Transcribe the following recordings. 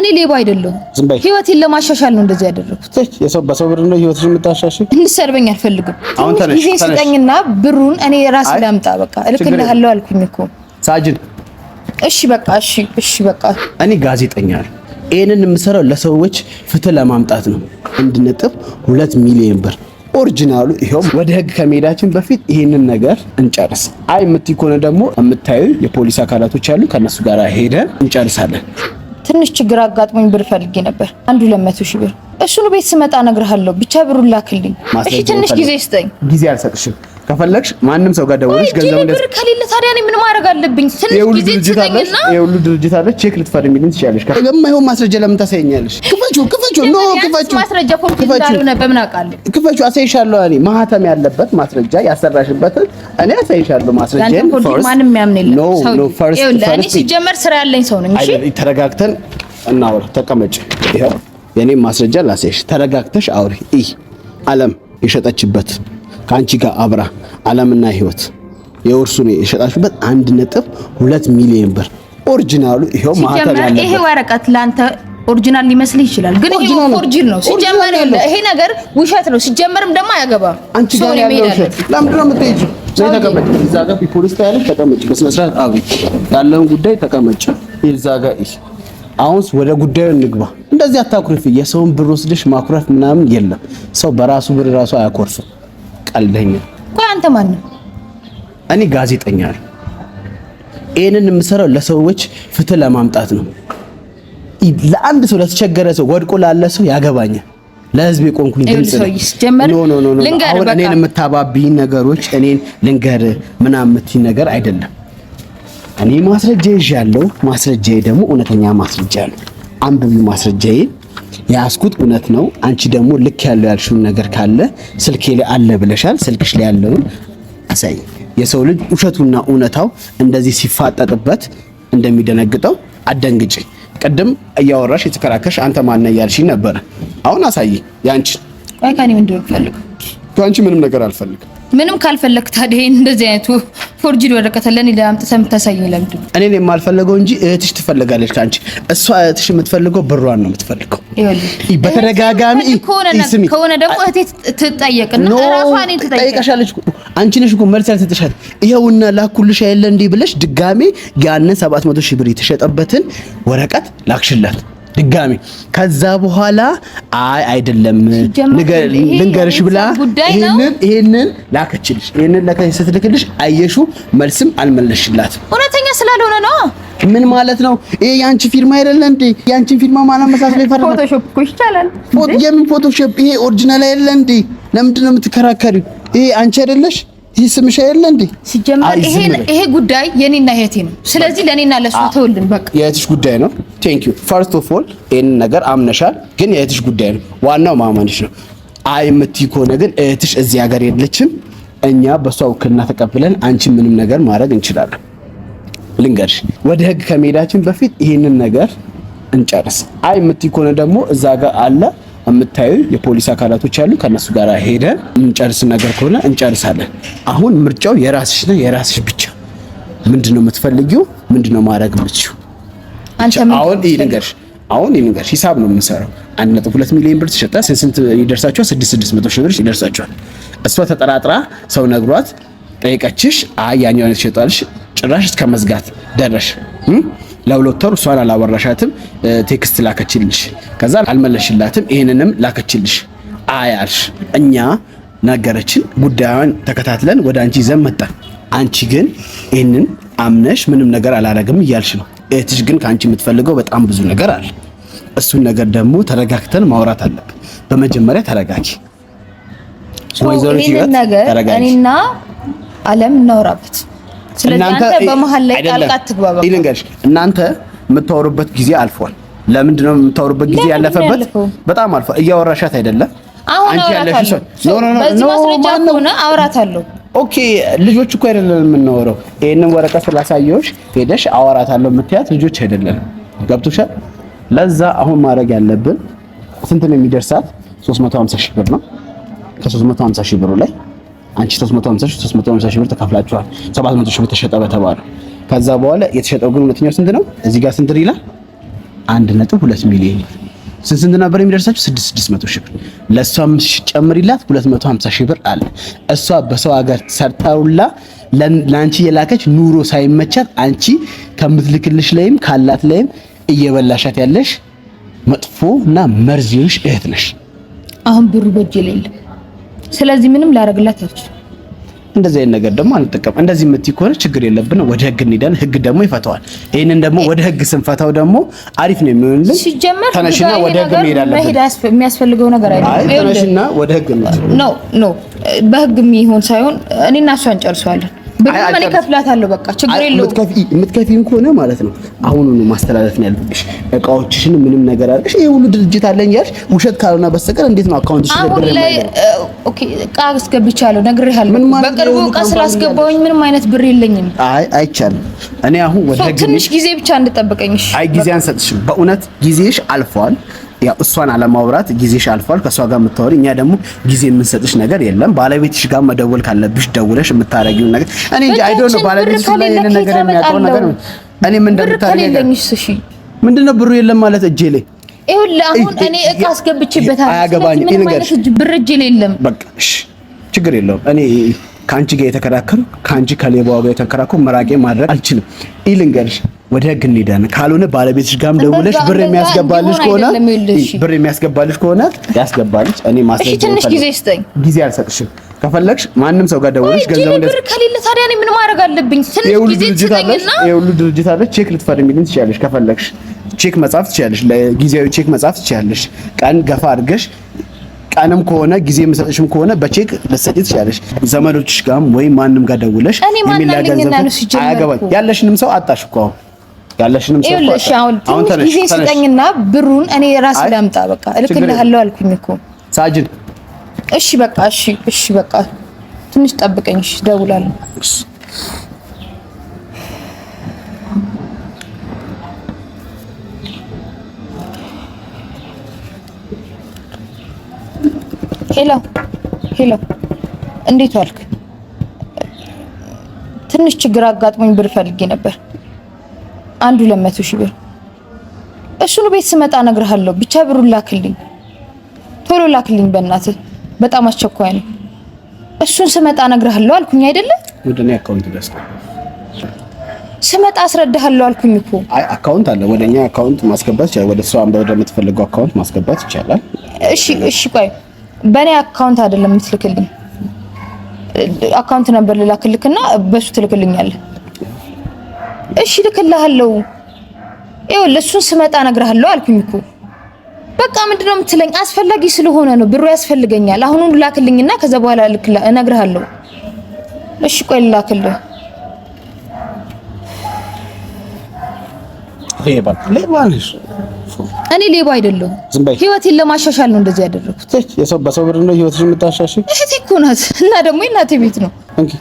እኔ ሌባ አይደለሁም። ህይወቴን ለማሻሻል ነው እንደዚህ ያደረኩት። በሰው ብር ነው የምታሻሽል። አልፈልግም። ስጠኝና ብሩን እኔ ራሴ ላምጣ። በቃ እልክልሃለሁ አልኩኝ እኮ ሳጅን። እሺ በቃ እሺ፣ እሺ በቃ እኔ ጋዜጠኛ የምሰራው ለሰዎች ፍትህ ለማምጣት ነው። አንድ ነጥብ ሁለት ሚሊዮን ብር ኦሪጂናሉ ይኸው። ወደ ህግ ከመሄዳችን በፊት ይህንን ነገር እንጨርስ። አይ የምትይ ከሆነ ደግሞ የምታዩ የፖሊስ አካላቶች አሉ፣ ከእነሱ ጋር ሄደን እንጨርሳለን። ትንሽ ችግር አጋጥሞኝ ብር ፈልጌ ነበር፣ አንዱ ለመቶ ሺህ ብር። እሱን ቤት ስመጣ እነግርሃለሁ፣ ብቻ ብሩን ላክልኝ። እሺ ትንሽ ጊዜ ስጠኝ። ጊዜ አልሰጥሽም። ከፈለግሽ ማንም ሰው ጋር ደውለሽ ገንዘብ እንደዚህ ብር ከሌለ ታዲያ እኔ ምን ማድረግ አለብኝ? ትንሽ ጊዜ ስጠኝና የሁሉ ድርጅት አለ፣ ቼክ ልትፈርሚልኝ ትችያለሽ። የማይሆን ማስረጃ ለምን ታሳይኛለሽ? ክፈችው፣ ክፈችው፣ ኖ ክፈችው። ማስረጃ ክፈችው፣ አሳይሻለሁ። እኔ ማህተም ያለበት ማስረጃ ያሰራሽበትን እኔ አሳይሻለሁ። ማስረጃ ማንም ያምን የለም። ሲጀመር ስራ ያለኝ ሰው ነኝ። እሺ ተረጋግተን እናውራ። ተቀመጭ። ይኸው የኔ ማስረጃ ላሳይሽ። ተረጋግተሽ አውሪ። ይህ አለም የሸጠችበት ከአንቺ ጋር አብራ አለምና ህይወት የውርሱን የሸጣችሁበት አንድ ነጥብ ሁለት ሚሊዮን ብር ኦሪጂናሉ ይሄው ማህተም ያለበት ይሄ ወረቀት ለአንተ ኦሪጂናል ሊመስል ይችላል፣ ግን ይሄ ፎርጅድ ነው። ሲጀመር ይሄ ነገር ውሸት ነው። ሲጀመርም ደግሞ አያገባም። አንቺ ጋር ያለው ውሸት ለምንድን ነው የምትሄጂው? ነይ ተቀመጭ፣ እዛ ጋር ፖሊስ ታያለሽ። ተቀመጭ፣ በስነ ስርዓት አቤት፣ ያለውን ጉዳይ ተቀመጭ። እዛ ጋር ይሄ አሁንስ ወደ ጉዳዩ እንግባ። እንደዚህ አታኩርፊ። የሰውን ብር ወስደሽ ማኩረፍ ምናምን የለም። ሰው በራሱ ብር ራሱ አያኮርፍም። ቀልደኛ። ቆይ አንተ ማን ነው? እኔ ጋዜጠኛ ነኝ። ይሄንን የምሰራው ለሰዎች ፍትህ ለማምጣት ነው። ለአንድ ሰው ለተቸገረ ሰው ወድቆ ላለ ሰው ያገባኛል። ለህዝብ የቆምኩኝ ድምጽ ነው። ኖ ኖ ኖ አሁን እኔን የምታባቢኝ ነገሮች እኔን ልንገር ምናምን የምትይኝ ነገር አይደለም። እኔ ማስረጃ ይዣለሁ። ማስረጃዬ ደግሞ እውነተኛ ማስረጃ ነው። አንብቢ ማስረጃዬ የያዝኩት እውነት ነው። አንቺ ደግሞ ልክ ያለው ያልሽውን ነገር ካለ ስልኬ ላይ አለ ብለሻል። ስልክሽ ላይ ያለውን አሳይ። የሰው ልጅ ውሸቱና እውነታው እንደዚህ ሲፋጠጥበት እንደሚደነግጠው አደንግጭኝ ቅድም እያወራሽ የተከራከሽ አንተ ማነህ እያልሽ ነበር። አሁን አሳይ ያንቺ ከእኔ ምንድን ነው የምትፈልገው? ከአንቺ ምንም ነገር አልፈልግም። ምንም ካልፈለግ ታዲያ ይሄን እንደዚህ አይነቱ ፎርጅድ ወረቀት ለኔ ለአምጥተ የምታሳየው ለምንድን ነው? እኔ የማልፈልገው እንጂ እህትሽ ትፈልጋለች ከአንቺ። እሷ እህትሽ የምትፈልገው ብሯን ነው የምትፈልገው። በተደጋጋሚ ከሆነ ደግሞ እህቴ ትጠየቅና ራሷ እኔን ትጠይቃለች። አንቺ ነሽ እኮ መልስ ያልሰጥሻት። ይኸውና ላኩልሽ አይደለ እንዴ ብለሽ ድጋሜ ያንን 700 ሺህ ብር የተሸጠበትን ወረቀት ላክሽላት ድጋሜ። ከዛ በኋላ አይ አይደለም ልንገርሽ ብላ ይሄንን ይሄንን ላከችልሽ። ይሄንን ላከች ስትልክልሽ አየሹ መልስም አልመለሽላት። እውነተኛ ስላልሆነ ነው። ምን ማለት ነው? ይሄ ያንቺ ፊርማ አይደለ እንዴ? ያንቺ ፊርማ ማለት መሳሰል ይፈርማል። ፎቶሾፕ እኮ ይቻላል። የምን ፎቶሾፕ? ይሄ ኦሪጂናል አይደለ እንዴ? ለምንድን ነው የምትከራከሪው? ይሄ አንቺ አይደለሽ? ይህ ስምሽ አይደለ እንዴ? ሲጀመር ይሄ ይሄ ጉዳይ የኔና የእህቴ ነው። ስለዚህ ለኔና ለሱ ተውልን በቃ። የእህትሽ ጉዳይ ነው። ቴንክ ዩ ፈርስት ኦፍ ኦል ይሄን ነገር አምነሻል፣ ግን የእህትሽ ጉዳይ ነው። ዋናው ማመንሽ ነው። አይ የምትይ ከሆነ ግን እህትሽ እዚህ ሀገር የለችም። እኛ በሷ ውክልና ተቀብለን አንቺ ምንም ነገር ማድረግ እንችላለን። ልንገርሽ፣ ወደ ህግ ከመሄዳችን በፊት ይሄንን ነገር እንጨርስ። አይ የምትይ ከሆነ ደግሞ እዛ ጋር አለ የምታዩ የፖሊስ አካላቶች አሉ። ከነሱ ጋር ሄደን እንጨርስ ነገር ከሆነ እንጨርሳለን። አሁን ምርጫው የራስሽ ነው፣ የራስሽ ብቻ። ምንድን ነው የምትፈልጊው? ምንድን ነው ማድረግ የምትችይው? አሁን ይህ ንገርሽ አሁን ይንገር ሂሳብ ነው የምንሰራው። አንድ ነጥብ ሁለት ሚሊዮን ብር ተሸጣ ስንት ይደርሳቸዋል? ስድስት ስድስት መቶ ሺህ ብር ይደርሳቸዋል። እሷ ተጠራጥራ ሰው ነግሯት ጠይቀችሽ፣ አይ ያኛውን የተሸጣልሽ ጭራሽ እስከ መዝጋት ደረሽ። ለሁለት ወር እሷን አላወራሻትም፣ ቴክስት ላከችልሽ፣ ከዛ አልመለሽላትም፣ ይህንንም ላከችልሽ አያልሽ። እኛ ነገረችን፣ ጉዳዩን ተከታትለን ወደ አንቺ ይዘን መጣን። አንቺ ግን ይህንን አምነሽ ምንም ነገር አላረግም እያልሽ ነው። እህትሽ ግን ከአንቺ የምትፈልገው በጣም ብዙ ነገር አለ። እሱን ነገር ደግሞ ተረጋግተን ማውራት አለብን። በመጀመሪያ ተረጋጊ። ወይዘሮ ነገር እኔና አለም እናውራበት እናንተ የምታወሩበት ጊዜ አልፏል። ለምንድን ነው የምታወሩበት ጊዜ ያለፈበት? በጣም አልፏል። እያወራሻት አይደለም። አሁን አውራታለሁ። ኦኬ ልጆች እኮ አይደለም የምናወራው። ይሄንን ወረቀት ስላሳየሁሽ ሄደሽ አወራታለሁ የምትያት ልጆች አይደለም። ገብቶሻል? ለዛ አሁን ማድረግ ያለብን ስንት ነው የሚደርሳት? 350 ሺህ ብር ነው። ከ350 ሺህ ብሩ ላይ አንቺ 350 ሺህ 350 ሺህ ብር ተካፍላችኋል። 700 ሺህ ብር ተሸጠ በተባለ ከዛ በኋላ የተሸጠው ግን እውነተኛው ስንት ነው? እዚህ ጋር ስንት ይላል? 1.2 ሚሊዮን ስንት ስንት ነበር የሚደርሳችሁ? 6600 ሺህ ብር ለእሷም ጨምሪላት 250 ሺህ ብር አለ። እሷ በሰው ሀገር ሰርታውላ ለአንቺ የላከች ኑሮ ሳይመቻት አንቺ ከምትልክልሽ ላይም ካላት ላይም እየበላሻት ያለሽ መጥፎ እና እህት ነሽ። አሁን ብሩ በእጄ ላይ ስለዚህ ምንም ላደርግላት አልችልም። እንደዚህ አይነት ነገር ደግሞ አንጠቀም። እንደዚህ የምትይ ከሆነ ችግር የለብንም፣ ወደ ህግ እንሄዳለን። ህግ ደግሞ ይፈታዋል። ይህንን ደግሞ ወደ ህግ ስንፈታው ደግሞ አሪፍ ነው የሚሆንልን። ሲጀመር ተነሽና ወደ ህግ እንሄዳለን። የሚያስፈልገው ነገር አይደለም። ተነሽና ወደ ህግ ነው። ኖ ኖ፣ በህግ የሚሆን ሳይሆን እኔና እሷን እንጨርሰዋለን። ብሩን እኔ ከፍላታለሁ። በቃ ችግር የለውም። የምትከፊም ከሆነ ማለት ነው አሁኑ ማስተላለፍ ነው ያለብሽ። እቃዎችሽን ምንም ነገር አድርገሽ ይሄ ሁሉ ድርጅት አለኝ ያልሽ ውሸት ካልሆነ በስተቀር እንዴት ነው አካውንትሽን ብር ማለት ኦኬ፣ እቃ አስገብቻለሁ፣ ነግሬሃለሁ። በቅርቡ እቃ ስላስገባሁኝ ምንም አይነት ብር የለኝም። አይ አይቻልም። እኔ አሁን ወደ ትንሽ ጊዜ ብቻ እንድጠብቀኝሽ። አይ ጊዜ አንሰጥሽም። በእውነት ጊዜሽ አልፏል። ያው እሷን አለማውራት ጊዜሽ አልፏል። ከእሷ ጋር የምታወሪ እኛ ደግሞ ጊዜ የምንሰጥሽ ነገር የለም። ባለቤትሽ ጋር መደወል ካለብሽ ደውለሽ የምታረጊውን ነገር እኔ እንጂ አይ ዶንት ኖ ባለቤትሽ ላይ ይሄን ነገር የሚያውቀው ነገር እኔ ምን እንደምታረጊ ምንድነው ብሩ የለም ማለት እጄ ላይ ይኸውልህ አሁን እኔ እቃ አስገብቼበታለሁ። አያገባኝም። ይሄ ነገር ብር እጄ ላይ የለም። በቃ እሺ፣ ችግር የለውም እኔ ከአንቺ ጋር የተከራከሩ ከአንቺ ከሌባዋ ጋር የተከራከሩ መራቄ ማድረግ አልችልም። ይልንገርሽ ወደ ህግ እንሄዳለን። ካልሆነ ባለቤትሽ ጋርም ደውለሽ ብር የሚያስገባልሽ ከሆነ ብር የሚያስገባልሽ ከሆነ ያስገባልሽ። እኔ ማስረጃ እሺ፣ ጊዜ ስጠኝ። ጊዜ አልሰጥሽም። ከፈለግሽ ማንም ሰው ጋር ደውለሽ ገንዘብ እንደዚህ ብር ከሌለ ታዲያ እኔ ምን ማድረግ አለብኝ? ትንሽ ጊዜ ትጠይቅና የሁሉ ድርጅት አለ። ቼክ ልትፈርሚልኝ ትችያለሽ። ከፈለግሽ ቼክ መጻፍ ትችያለሽ። ለጊዜያዊ ቼክ መጻፍ ትችያለሽ። ቀን ገፋ አድርገሽ ቀንም ከሆነ ጊዜ የምሰጥሽም ከሆነ በቼክ ልትሰጪ ትችላለሽ። ዘመዶችሽ ጋም ወይም ማንም ጋር ደውለሽ አያገባኝ ያለሽንም ሰው አጣሽ እኮ አሁን ያለሽንም ሰው ይኸውልሽ፣ አሁን ትንሽ ጊዜ ስጠኝና ብሩን እኔ ራሴ ላምጣ። በቃ እልክልሃለሁ አልኩኝ እኮ ሳጅን። እሺ በቃ እሺ፣ እሺ በቃ ትንሽ ጠብቀኝ። እሺ እደውላለሁ። ሄሎ ሄሎ፣ እንዴት ዋልክ? ትንሽ ችግር አጋጥሞኝ ብር ፈልጌ ነበር። አንዱ ለመቶ ሺህ ብር እሱኑ ቤት ስመጣ እነግርሃለሁ። ብቻ ብሩን ላክልኝ፣ ቶሎ ላክልኝ በእናትህ በጣም አስቸኳይ ነው። እሱን ስመጣ እነግርሃለሁ አልኩኝ አይደለ? ወደ እኔ አካውንት ደስ ስመጣ አስረዳሃለሁ አልኩኝ እኮ። አይ አካውንት አለ፣ ወደ እኛ አካውንት ማስገባት ይቻላል። ወደ እሷ ወደምትፈልገው አካውንት ማስገባት ይቻላል። እሺ እሺ፣ ቆይ በእኔ አካውንት አይደለም የምትልክልኝ አካውንት ነበር ልላክልክና በሱ ትልክልኛለህ። እሺ ልክልሃለሁ። ይኸው ለሱን ስመጣ እነግርሃለሁ አልኩኝ እኮ በቃ ምንድነው የምትለኝ? አስፈላጊ ስለሆነ ነው ብሩ ያስፈልገኛል። አሁኑ ላክልኝና ከዛ በኋላ እነግርሃለሁ። እሺ ቆይ ልላክልህ ሌባ ሌባ ነሽ። እኔ ሌባ አይደለሁም። ህይወቴን ለማሻሻል ነው እንደዚህ ያደረኩት። የሰው በሰው ብር ነው ህይወትሽ እህቴ እኮ ናት እና ደግሞ የእናቴ ቤት ነው። እንኪ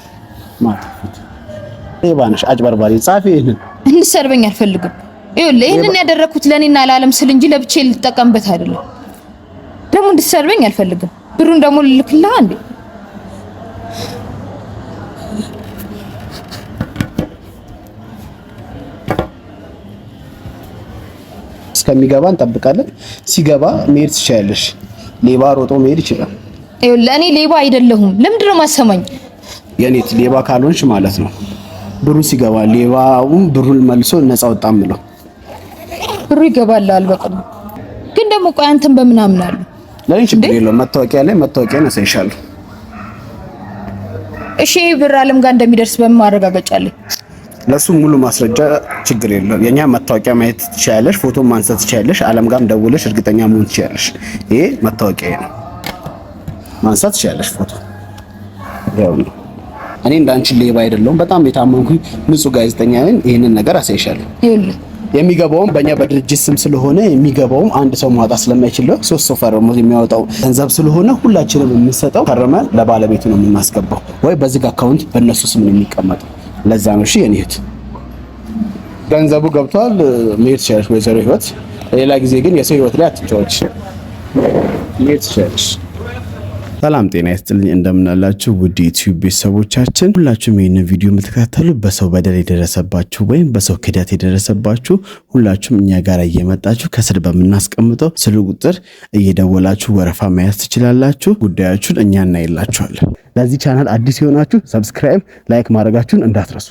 ሌባ ነሽ፣ አጭበርባሪ። ጻፊ እንድሰርበኝ አልፈልግም። ይኸውልህ ያደረኩት ለእኔና ለዓለም ስል እንጂ ለብቼ ልጠቀምበት አይደለም። ደግሞ እንድሰርበኝ አልፈልግም። ብሩን ደግሞ እንዴ እስከሚገባ እንጠብቃለን። ሲገባ መሄድ ትችያለሽ። ሌባ ሮጦ መሄድ ይችላል። ለእኔ ሌባ አይደለሁም። ለምንድን ነው ማሰማኝ? የኔት ሌባ ካልሆንሽ ማለት ነው። ብሩ ሲገባ ሌባው ብሩን መልሶ ነፃ ወጣ ብሩ ይገባል። አልበቃም ግን ደግሞ ቆይ አንተን በምን አምናለሁ? ለኔ ችግር የለውም። መታወቂያ ላይ መታወቂያ አሳይሻለሁ። እሺ ብር አለም ጋር እንደሚደርስ በምን ማረጋገጫ ለሱ ሙሉ ማስረጃ ችግር የለው። የኛ መታወቂያ ማየት ትችያለሽ፣ ፎቶ ማንሳት ትችያለሽ፣ ዓለም ጋርም ደውለሽ እርግጠኛ መሆን ትችያለሽ። ይሄ መታወቂያ ነው። ማንሳት ትችያለሽ ፎቶ። ያው እኔ እንዳንቺ ሌባ አይደለሁም። በጣም የታመንኩኝ ንጹህ ጋዜጠኛ ነኝ። ይህንን ነገር አሳይሻለሁ። የሚገባውም በእኛ በድርጅት ስም ስለሆነ የሚገባውም አንድ ሰው ማውጣት ስለማይችልው ሶስት ሰው ፈርሞ የሚያወጣው ገንዘብ ስለሆነ ሁላችንም የምንሰጠው ፈርመን ለባለቤቱ ነው የምናስገባው፣ ወይ በዚህ አካውንት በእነሱ ስም ነው የሚቀመጠው። ለዛ ነው። እሺ የኔ እህት ገንዘቡ ገብቷል፣ መሄድ ትችላለሽ ወይዘሮ ህይወት። ሌላ ጊዜ ግን የሰው ህይወት ላይ አትጫወች፣ መሄድ ትችላለሽ። ሰላም ጤና ይስጥልኝ፣ እንደምናላችሁ ውድ ዩቲዩብ ቤተሰቦቻችን ሁላችሁም ይህንን ቪዲዮ የምትከታተሉ በሰው በደል የደረሰባችሁ ወይም በሰው ክደት የደረሰባችሁ ሁላችሁም እኛ ጋር እየመጣችሁ ከስር በምናስቀምጠው ስልክ ቁጥር እየደወላችሁ ወረፋ መያዝ ትችላላችሁ። ጉዳያችሁን እኛ እናይላችኋለን። ለዚህ ቻናል አዲስ የሆናችሁ ሰብስክራይብ፣ ላይክ ማድረጋችሁን እንዳትረሱ።